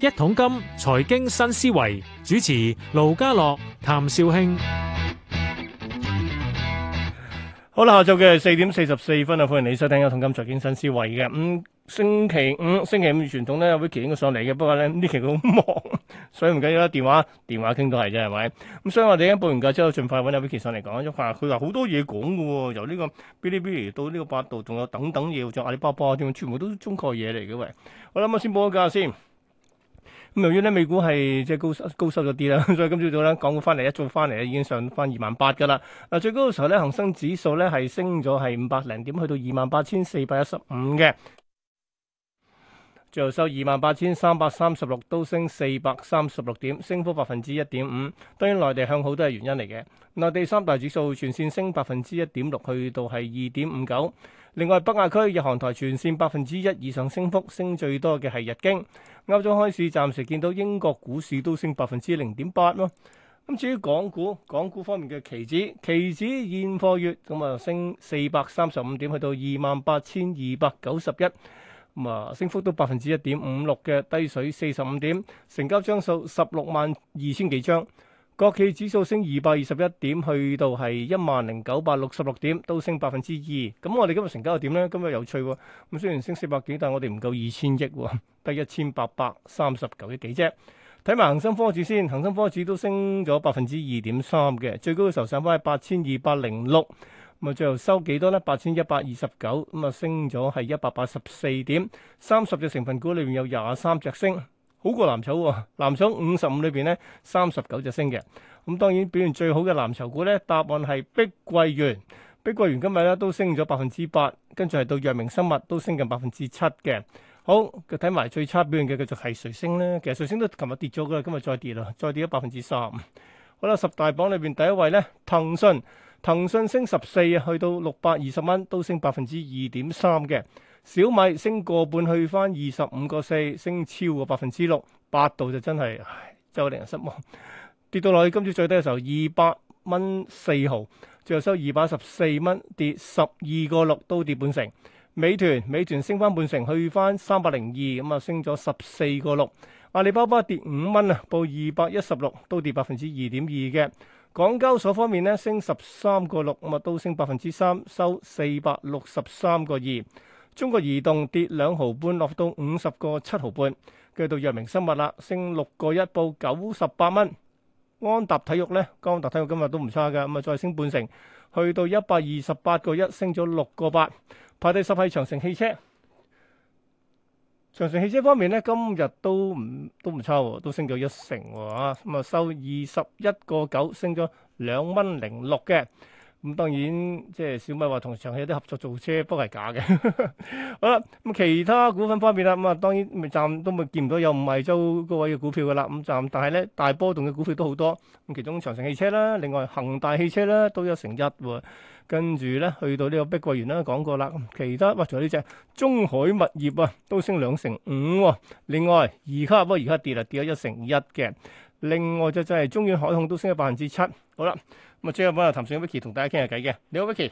一桶金財經新思維，主持盧家樂、譚紹興。好啦，下晝嘅四點四十四分啊，歡迎你收聽一桶金財經新思維嘅、嗯星期五，星期五傳統咧，Vicky 應該上嚟嘅。不過咧，呢期好忙，所以唔緊要啦。電話電話傾到係啫，係咪？咁所以我哋而家報完價之後，盡快揾阿 Vicky 上嚟講。因為佢話好多嘢講嘅喎，由呢個 Bilibili 到呢個百度，仲有等等嘢，仲阿里巴巴，全部都中國嘢嚟嘅喂。好啦，我先報個價先。咁由於咧美股係即係高收高收咗啲啦，所以今朝早咧港股翻嚟，一早翻嚟已經上翻二萬八嘅啦。嗱，最高嘅時候咧，恒生指數咧係升咗係五百零點，去到二萬八千四百一十五嘅。就收二萬八千三百三十六，都升四百三十六點，升幅百分之一點五。當然，內地向好都係原因嚟嘅。內地三大指數全線升百分之一點六，去到係二點五九。另外，北亞區日韓台全線百分之一以上升幅，升最多嘅係日經。歐洲開市，暫時見到英國股市都升百分之零點八咯。咁至於港股，港股方面嘅期指，期指現貨月咁啊，就升四百三十五點，去到二萬八千二百九十一。咁啊，升幅都百分之一點五六嘅，低水四十五點，成交張數十六萬二千幾張。國企指數升二百二十一點，去到係一萬零九百六十六點，都升百分之二。咁我哋今日成交又點呢？今日有趣喎、哦，咁雖然升四百幾，但我哋唔夠二千億喎、哦，得一千八百三十九億幾啫。睇埋恒生科指先，恒生科指都升咗百分之二點三嘅，最高嘅時候上翻係八千二百零六。咁啊，最後收幾多咧？八千一百二十九，咁啊，升咗係一百八十四點。三十隻成分股裏邊有廿三隻升，好過藍籌喎、哦。藍籌五十五裏邊咧，三十九隻升嘅。咁當然表現最好嘅藍籌股咧，答案係碧桂園。碧桂園今日咧都升咗百分之八，跟住係到藥明生物都升近百分之七嘅。好，睇埋最差表現嘅叫做係瑞星咧？其實瑞星都琴日跌咗㗎，今日再跌啦，再跌咗百分之三。好啦，十大榜裏邊第一位咧，騰訊。騰訊升十四去到六百二十蚊，都升百分之二點三嘅。小米升過半去翻二十五個四，升超過百分之六。百度就真係真令人失望，跌到落去今朝最低嘅時候二百蚊四毫，最後收二百十四蚊，跌十二個六，都跌半成。美團美團升翻半成去翻三百零二，咁啊升咗十四個六。阿里巴巴跌五蚊啊，報二百一十六，都跌百分之二點二嘅。港交所方面咧，升十三個六，咁啊都升百分之三，收四百六十三個二。中國移動跌兩毫半，落到五十個七毫半。佢到藥明生物啦，升六個一，報九十八蚊。安踏體育咧，安踏體育今日都唔差嘅，咁啊再升半成，去到一百二十八個一，升咗六個八。排第十係長城汽車。長城汽車方面咧，今日都唔都唔差喎，都升咗一成喎，咁啊收二十一個九，升咗兩蚊零六嘅。咁當然即係、就是、小米話同長汽有啲合作造車，不過係假嘅。好啦，咁、啊、其他股份方面啦，咁啊當然咪站都咪見唔到有唔係周個位嘅股票噶啦。咁站但係咧大波動嘅股票都好多，咁、啊、其中長城汽車啦，另外恒大汽車啦，都有成一喎。啊跟住咧，去到呢個碧桂園啦，講過啦。其他，哇，仲有呢隻中海物業啊，都升兩成五。另外，而家不過而家跌啦，跌咗一成一嘅。另外就就係中遠海控都升咗百分之七。好啦，咁啊，最後一版又譚紹興 Vicky 同大家傾下偈嘅。你好，Vicky。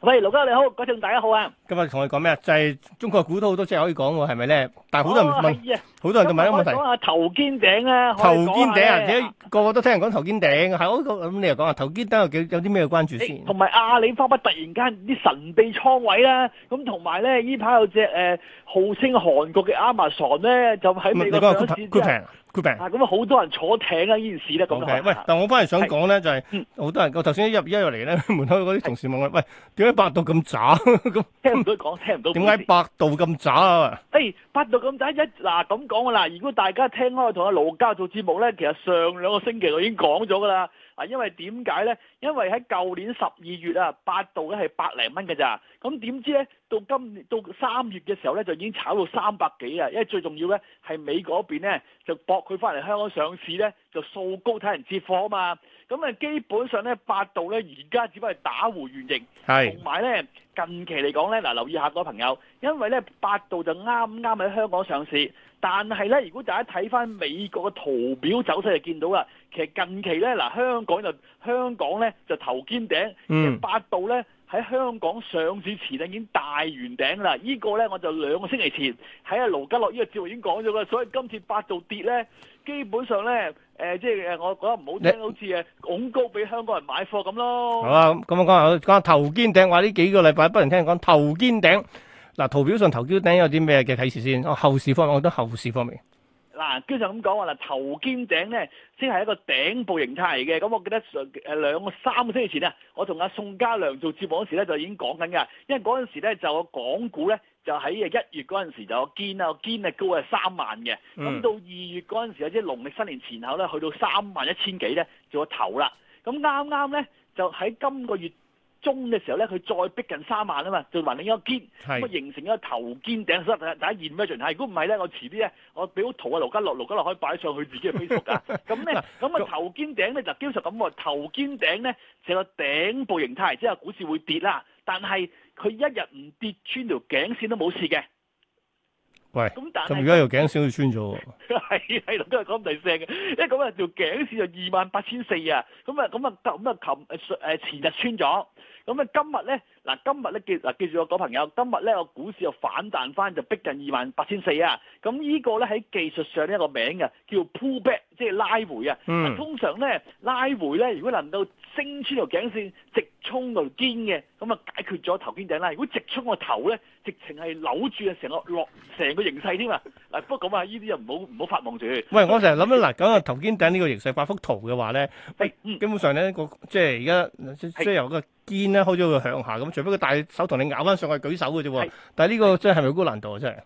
喂，盧哥你好，各位聽眾大家好啊！今日同你講咩啊？就係中國嘅股都好多只可以講喎，係咪咧？但係好多人問，好多人問一個問題。我講下頭肩頂啦，頭肩頂啊，而且個個都聽人講頭肩頂。好，咁你又講下頭肩頂有幾有啲咩關注先？同埋阿里巴巴突然間啲神秘倉位啦，咁同埋咧呢排有隻誒號稱韓國嘅 Amazon 咧，就喺美股上市啊！佢平。啊！咁啊，好多人坐艇啊！呢件事咧咁。講 okay，喂，但我翻嚟想講咧，就係、是、好、嗯、多人。我頭先一入一入嚟咧，門口嗰啲同事問我：，喂，點解百度咁渣？咁聽唔到講，聽唔到。點解百度咁渣啊？誒、哎，百度咁渣一嗱咁講噶啦！如果大家聽開同阿盧家做節目咧，其實上兩個星期我已經講咗噶啦。啊，因為點解咧？因為喺舊年十二月啊，百度咧係百零蚊嘅咋，咁點知咧到今年到三月嘅時候咧，就已經炒到三百幾啊！因為最重要咧，係美國嗰邊咧就博佢翻嚟香港上市咧，就掃高睇人接貨啊嘛！咁、嗯、啊，基本上咧，百度咧而家只不過係打回原形，係同埋咧近期嚟講咧，嗱留意一下個朋友，因為咧百度就啱啱喺香港上市。但係咧，如果大家睇翻美國嘅圖表走勢，就見到啦。其實近期咧，嗱香港就香港咧就頭肩頂，嗯，百度咧喺香港上市前咧已經大圓頂啦。這個、呢個咧我就兩個星期前喺阿盧吉洛呢個節目已經講咗啦。所以今次百度跌咧，基本上咧誒，即、呃、係、就是、我覺得唔好聽，好似誒恐高俾香港人買貨咁咯。好啊，咁啊講下講頭肩頂，我呢幾個禮拜不停聽人講頭肩頂。嗱，圖表上頭肩頂有啲咩嘅提示先？哦，後市方面，我覺得後市方面，嗱，經常咁講話嗱，頭肩頂咧，先係一個頂部形態嚟嘅。咁我記得上誒兩三個星期前啊，我同阿宋家良做節目嗰時咧，就已經講緊噶。因為嗰陣時咧，就港股咧，就喺一月嗰陣時候就肩啊肩啊高係三萬嘅，咁到二月嗰陣時候，有啲農曆新年前後咧，去到三萬一千幾咧，做咗頭啦。咁啱啱咧，就喺今個月中嘅時候咧，佢再逼近三萬啊嘛，就還另一個肩咁啊，形成一個頭肩頂，所以大家 imagine 下，如果唔係咧，我遲啲咧，我俾幅圖啊，盧家樂，盧家樂可以擺上去自己嘅 Facebook 噶。咁咧，咁啊頭肩頂咧，就基本上咁喎，頭肩頂咧成個頂部形態，即係股市會跌啦。但係佢一日唔跌穿條頸線都冇事嘅。喂，咁但係，咁而家條頸線都穿咗喎。係係都係講地聲嘅，因為咁啊條頸線就二萬八千四啊，咁啊咁啊咁啊琴誒前日穿咗。咁啊，今日咧。嗱，今日咧記嗱，記住我個朋友，今日咧個股市又反彈翻，就逼近二萬八千四啊！咁、這個、呢個咧喺技術上呢一個名嘅，叫 pullback，即係拉回啊、嗯！通常咧拉回咧，如果能夠升穿條頸線，直衝到肩嘅，咁啊解決咗頭肩頂啦。如果直衝個頭咧，直情係扭住啊，成個落成個形勢添啊！嗱，不過咁啊，呢啲又唔好唔好發夢住。喂，我成日諗一，嗱， 講個頭肩頂呢個形勢，八幅圖嘅話咧、嗯，基本上咧個即係而家即係由個肩咧開始向下咁。不過大手同你咬翻上去舉手嘅啫，但係呢個真係咪好高難度啊？真係。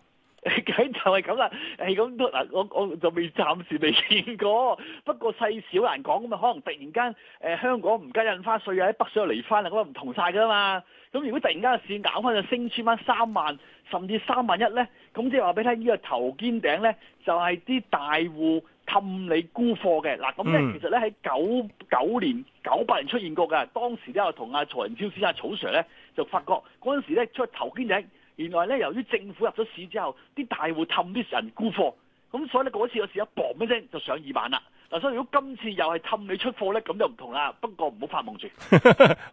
誒， 就係咁啦。誒，咁都嗱，我我就未暫時未見過。不過細小難講咁啊，可能突然間誒、呃、香港唔加印花稅啊，喺北水又嚟翻啊，咁啊唔同曬噶嘛。咁如果突然間個市咬翻就升穿翻三萬，甚至三萬一咧，咁即係話俾你聽，呢、這個頭肩頂咧就係、是、啲大戶氹你沽貨嘅。嗱、就是，咁咧其實咧喺九九年、九八年出現過嘅，當時都有同阿曹仁超先生、阿曹 Sir 咧就發覺嗰陣時咧出頭肩頂。原來咧，由於政府入咗市之後，啲大戶氹啲人沽貨，咁所以咧嗰次有市一噉一聲就上二萬啦。嗱、啊，所以如果今次又係氹你出貨咧，咁就唔同啦。不過唔 好發夢住。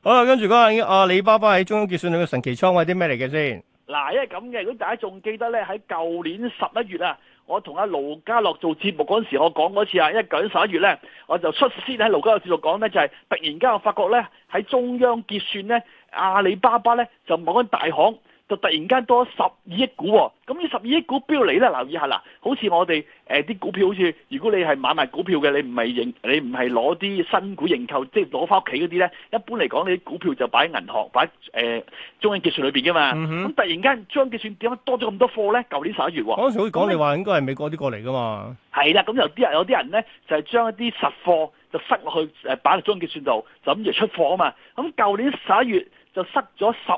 好啦，跟住講下阿里巴巴喺中央結算裏嘅神奇倉位啲咩嚟嘅先。嗱、啊，因為咁嘅，如果大家仲記得咧，喺舊年十一月啊，我同阿盧家樂做節目嗰陣時，我講嗰次啊，因為舊年十一月咧，我就率先喺盧家樂節目講咧，就係、是、突然間我發覺咧，喺中央結算咧，阿里巴巴咧就某間大行。就突然間多十二億股，咁呢十二億股標嚟呢，留意下啦，好似我哋啲、呃、股票，好似如果你係買賣股票嘅，你唔係認，你唔係攞啲新股認購，即係攞翻屋企嗰啲咧。一般嚟講，你啲股票就擺喺銀行，擺喺、呃、中央結算裏面噶嘛。咁、嗯、突然間中央結算點解多咗咁多貨咧？舊年十一月喎。嗰陣時會講你話應該係美國啲過嚟噶嘛？係啦，咁有啲人有啲人咧就係、是、將一啲實貨就塞落去誒擺喺中央結算度，就咁就出貨啊嘛。咁舊年十一月就塞咗十。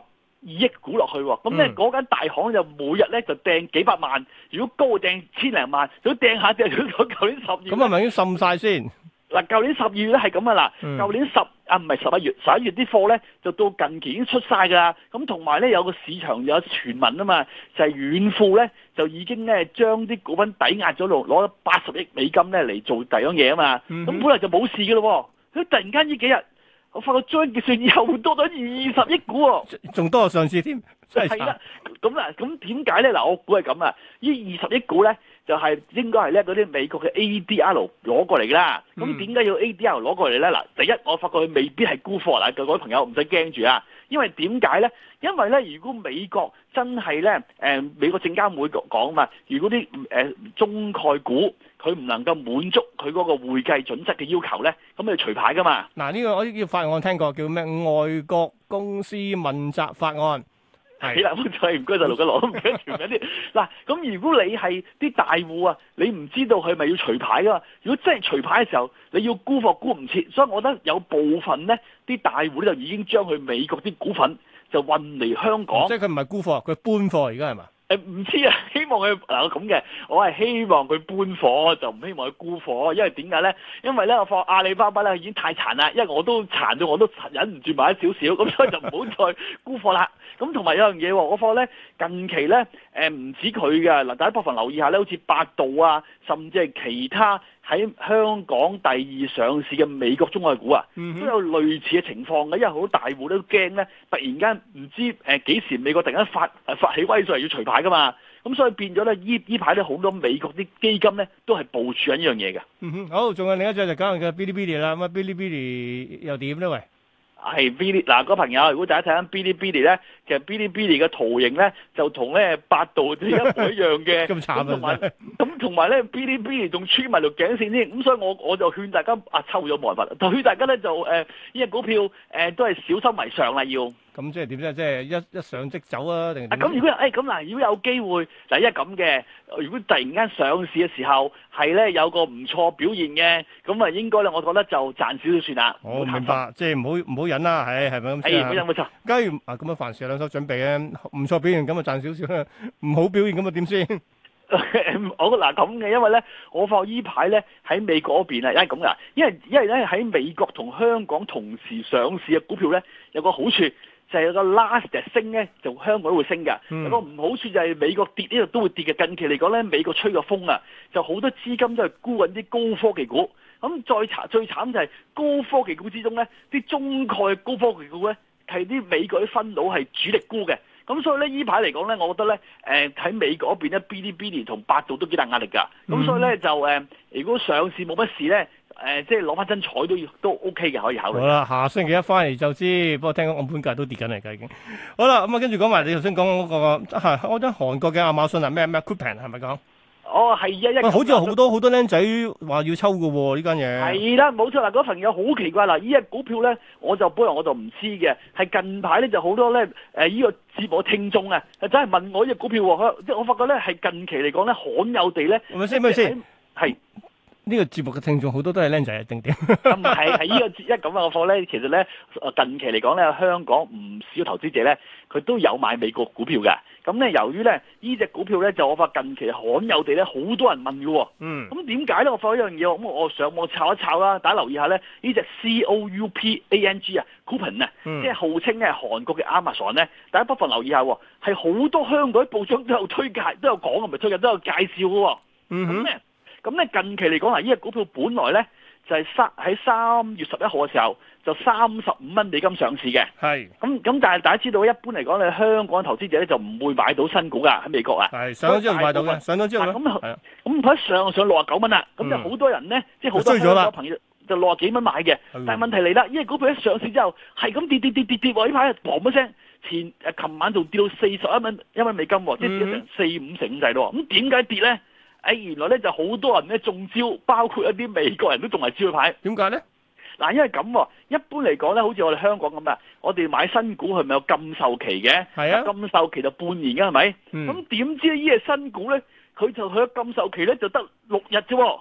二億股落去喎，咁咧嗰間大行就每日咧就掟幾百萬，如果高掟千零萬，如果掟下掟，佢舊年十二月咁係咪已經滲曬先。嗱，舊年十二月咧係咁啊啦，舊年十啊唔係十一月十一月啲貨咧就到近期已經出曬㗎啦。咁同埋咧有個市場有傳聞啊嘛，就係軟庫咧就已經咧將啲股份抵押咗落攞咗八十億美金咧嚟做第二樣嘢啊嘛。咁本來就冇事㗎咯喎，佢突然間呢幾日。我發覺張結算又多咗二十億股喎，哦，仲多過上次添，真係啦，咁啦，咁點解咧？嗱，我估係咁啊，億呢二十億股咧，就係、是、應該係咧嗰啲美國嘅 ADR 攞過嚟㗎啦。咁點解要 ADR 攞過嚟咧？嗱，第一，我發覺佢未必係沽貨啦。嗱，各位朋友唔使驚住啊。因為點解咧？因為咧，如果美國真係咧，誒、呃，美國證監會講嘛，如果啲誒、呃、中概股佢唔能夠滿足佢嗰個會計準則嘅要求咧，咁要除牌噶嘛。嗱，呢、這個我呢個法案聽過，叫咩外國公司問責法案。係，唔該晒盧家龍，唔該調緊啲。嗱， 咁如果你係啲大戶啊，你唔知道佢咪要除牌噶嘛？如果真係除牌嘅時候，你要沽貨沽唔切，所以我覺得有部分咧。啲大戶咧就已經將佢美國啲股份就運嚟香港，哦、即係佢唔係沽貨，佢搬貨而家係嘛？欸，唔知啊，希望佢嗱咁嘅，我係希望佢搬貨，就唔希望佢沽貨，因為點解咧？因為咧，我發覺阿里巴巴咧已經太殘啦，因為我都殘到我都忍唔住買少少，咁所以就唔好再沽貨啦。咁同埋有樣嘢喎，我發覺咧近期咧唔止佢嘅嗱，大家不妨留意一下咧，好似百度啊，甚至係其他，喺香港第二上市嘅美國中概股啊，都有類似嘅情況嘅，因為好大戶都驚咧，突然間唔知誒幾、呃、時美國突然間發誒發起威勢要除牌噶嘛，咁、嗯、所以變咗咧依依排咧好多美國啲基金咧都係部署緊一樣嘢嘅。嗯哼，好，仲有另一隻就講下嘅 Bilibili 啦，咁啊 Bilibili 又點咧？喂？係嗶哩嗱個朋友，如果大家睇緊嗶哩嗶哩咧，其實嗶哩嗶哩嘅圖形咧就同咧百度呢一模一樣嘅，咁 慘啊！咁同埋咧嗶哩嗶哩仲穿埋條頸線添，咁所以我我就勸大家啊抽咗冇辦法，就勸大家咧就誒呢隻股票誒都係小心為上啦要。咁即係點咧？即係一一上即走啊？定係啊？咁如果誒咁嗱，如果有機會第一咁嘅，如果突然間上市嘅時候係咧有個唔錯表現嘅，咁啊應該咧，我覺得就賺少少算啦。我明白，即係唔好唔好忍啦，係係咪咁？係冇錯冇錯。假如啊咁樣凡事有兩手準備咧，唔錯表現咁啊賺少少，唔好表現咁啊點先？我嗱咁嘅，因為咧我放依排咧喺美國嗰邊啊，係咁噶，因為因為咧喺美國同香港同時上市嘅股票咧有個好處。就係、是、個 last 升，咧，就香港會升，嗯、不過個唔好處就係美國跌，呢度都會跌嘅。近期嚟講咧，美國吹個風啊，就好多資金都係沽緊啲高科技股。咁再查最慘就係高科技股之中咧，啲中概高科技股咧係啲美國啲分佬係主力沽嘅。咁所以咧呢排嚟講咧，我覺得咧喺、呃、美國嗰邊咧，Bilibili 同百度都幾大壓力㗎。咁所以咧、嗯、就、呃、如果上市冇乜事咧。誒，即係攞翻真彩都要都 OK 嘅，可以考慮。好啦，下星期一翻嚟就知。不過聽講暗盤價都跌緊啦，而家已經。好啦，咁啊，跟住講埋你頭先講嗰個，係我覺得韓國嘅亞馬遜啊，咩咩 Coupang 係咪講？哦，係呀，係呀。好似有好多好多僆仔話要抽嘅喎，呢間嘢。係啦，冇錯啦，嗰朋友好奇怪啦，依隻股票咧，我就本來我就唔知嘅，係近排咧就好多咧，誒，依個節目聽眾啊，真係問我依隻股票喎，即係我發覺咧，係近期嚟講咧，罕有地咧，係咪先？咪先？係。呢、這個節目嘅聽眾好多都係靚仔啊，定點啊係係，係 呢個一咁嘅貨咧，其實咧，近期嚟講咧，香港唔少投資者咧，佢都有買美國股票嘅。咁咧，由於咧，呢隻股票咧，就我發近期罕有地咧，好多人問㗎、哦、嗯。咁點解咧？我發一樣嘢，咁我上網查一查啦。大家留意一下咧，呢隻 C O U P A N G 啊 c o u p o n 啊、嗯，即係號稱咧係韓國嘅 Amazon 咧。大家不妨留意一下，係好多香港報章都有推介，都有講，唔係推介都有介紹嘅、哦。嗯咁咧近期嚟講啦，呢個股票本來咧就係三喺三月十一號嘅時候就三十五蚊美金上市嘅。係。咁咁但係大家知道，一般嚟講咧，香港投資者咧就唔會買到新股㗎喺美國啊。係上咗之後買到嘅，上咗之後。咁咁佢一上上六十九蚊啦，咁、嗯、就好多人咧，即係好多香港朋友就六十幾蚊買嘅、嗯。但係問題嚟啦，呢個股票一上市之後係咁跌跌跌跌跌喎，呢排砰一聲，前誒琴晚就跌到四十一蚊一蚊美金喎，嗯、即係跌成四五成咁滯咯。咁點解跌咧？誒，原來咧就好多人咧中招，包括一啲美國人都仲係招牌。點解咧？嗱，因為咁，一般嚟講咧，好似我哋香港咁啊，我哋買新股係咪有禁售期嘅？係啊，禁售期就半年嘅係咪？咁點知呢？隻新股咧，佢就去咗禁售期咧就得六日啫。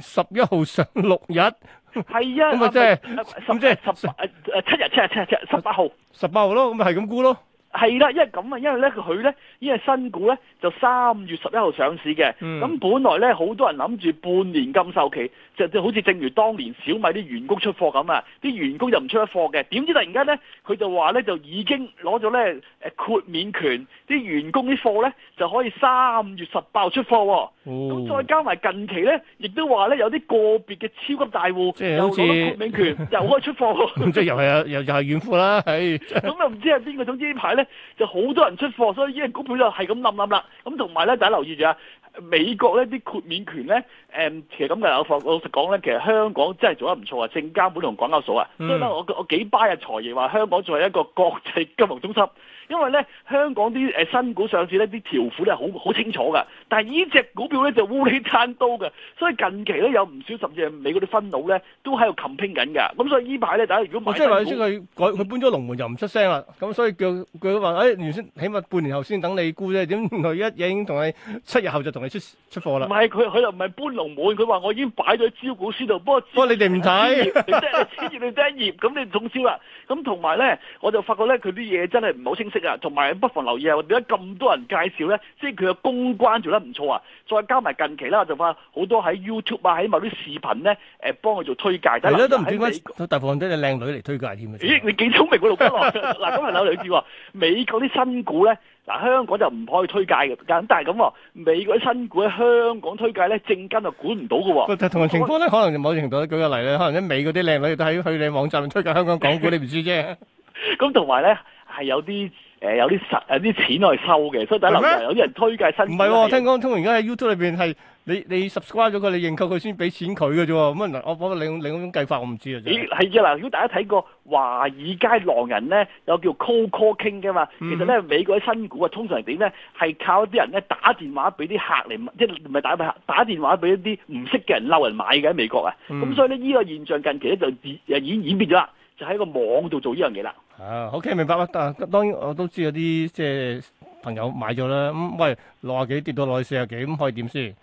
十一號上六日，係啊，咁咪即係，咁即係十誒誒七日七日七日，十八號，十八號咯，咁咪係咁估咯。係啦，因為咁啊，因為咧佢咧，因為新股咧就三月十一號上市嘅，咁、嗯、本來咧好多人諗住半年禁售期，就就好似正如當年小米啲員工出貨咁啊，啲員工就唔出得貨嘅，點知突然間咧佢就話咧就已經攞咗咧誒豁免權，啲員工啲貨咧就可以三月十八號出貨、哦，咁、哦、再加埋近期咧，亦都話咧有啲個別嘅超級大戶，攞、就、咗、是、好豁免權 又可以出貨、哦，即 係又係又又係搬貨啦，係，咁又唔知係邊個，總之最近最近呢排咧。就好多人出貨，所以呢個股票就係咁冧冧啦。咁同埋咧，大家留意住啊，美國咧啲豁免權咧。誒、嗯、其實咁嘅，我老實講咧，其實香港真係做得唔錯啊！證監會同港交所啊，所以我我幾巴日財爺話香港作為一個國際金融中心，因為咧香港啲誒、呃、新股上市股呢，啲條款咧好好清楚噶，但係呢隻股票咧就烏裏攤刀嘅，所以近期咧有唔少甚至係美嗰啲分佬咧都喺度冚拼緊㗎。咁所以呢排咧大家如果買，即係話佢改佢搬咗龍門就唔出聲啦。咁所以佢佢話誒原先起碼半年後先等你沽啫，點佢一嘢已經同你七日後就同你出出貨啦。唔係佢佢又唔係搬唔滿，佢話我已經擺咗招股書度，啊、不過你哋唔睇，即係住你第一頁，咁你中招啦。咁同埋咧，我就發覺咧，佢啲嘢真係唔好清晰啊。同埋不妨留意啊，點解咁多人介紹咧？即係佢嘅公關做得唔錯啊。再加埋近期啦，就發好多喺 YouTube 啊，喺某啲視頻咧、啊，誒幫佢做推介。係啦，都唔知點解大部分都係靚女嚟推介添啊。咦，你幾聰明度陸哥，哥？嗱、 啊，今日我又好似話美國啲新股咧。嗱，香港就唔可以推介嘅，但係咁喎，美國啲新股喺香港推介咧，證監就管唔到㗎喎、啊。同埋情況咧，可能某程度咧舉個例咧，可能啲美啲靚女都喺去你網站推介香港港股， 你唔知啫 。咁同埋咧，係有啲。誒、呃、有啲實有啲錢去收嘅，所以就諗住有啲人推介新股。唔係、啊，聽講通常而家喺 YouTube 裏邊係你你 subscribe 咗佢，你認購佢先俾錢佢嘅啫。咁啊，我我，我另另一種計法，我唔知啊。咦，係啊嗱，如果大家睇過華爾街狼人咧，有叫 cold calling 嘅嘛？其實咧，美國啲新股啊，通常係點咧？係靠一啲人咧打電話俾啲客嚟，即係唔係打俾客？打電話俾一啲唔識嘅人嬲人買嘅喺美國啊。咁、嗯嗯、所以呢，呢個現象近期咧就已經演演變咗啦，就喺個網度做呢樣嘢啦。啊，OK，明白啦。但、啊、當然我都知有啲即係朋友買咗啦。咁、嗯、喂，六十幾跌到落去四十幾，咁、嗯、可以點先？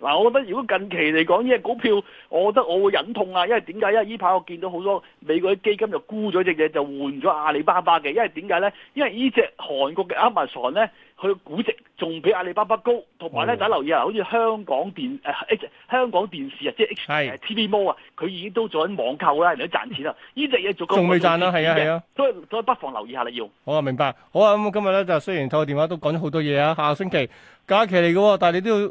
嗱，我覺得如果近期嚟講，呢隻股票，我覺得我會忍痛啊，因為點解？因為呢排我見到好多美國啲基金就沽咗隻嘢，就換咗阿里巴巴嘅。因為點解咧？因為這隻韓國的呢隻韓國嘅 Amazon 咧，佢估值仲比阿里巴巴高，同埋咧，哦、大家留意啊，好似香港電誒、呃，香港電視啊，即係 HKTVmall 啊，佢已經都做緊網購啦，人哋都賺錢啦，呢隻嘢做個仲未賺啊，係啊，係啊，所以所以不妨留意一下你要好啊，明白，好啊，咁今日咧就雖然透過電話都講咗好多嘢啊，下個星期假期嚟嘅喎，但係你都要。